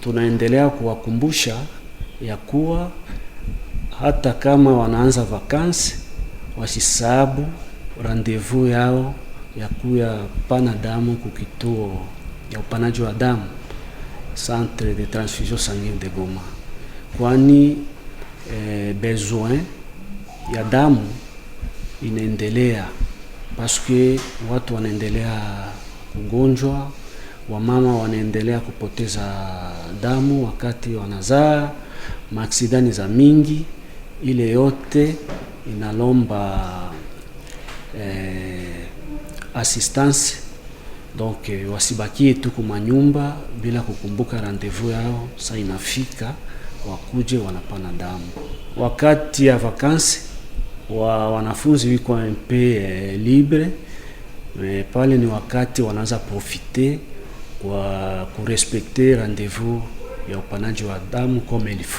Tunaendelea kuwakumbusha ya kuwa hata kama wanaanza vakansi wasisabu rendezvous yao ya kuya pana damu kukituo ya upanaji wa damu Centre de Transfusion Sanguine de Goma, kwani eh, besoin ya damu inaendelea paske watu wanaendelea kugonjwa, wamama wanaendelea kupoteza damu wakati wanazaa, maaksidani za mingi, ile yote inalomba eh, assistance donc eh, wasibakie tu kwa nyumba bila kukumbuka rendezvous yao. Saa inafika wakuje wanapana damu wakati ya vakansi wa wanafunzi wiko mpe eh, libre eh, pale ni wakati wanaanza profite kwa kurespekte rendezvous ya upanaji wa damu kama ilifo.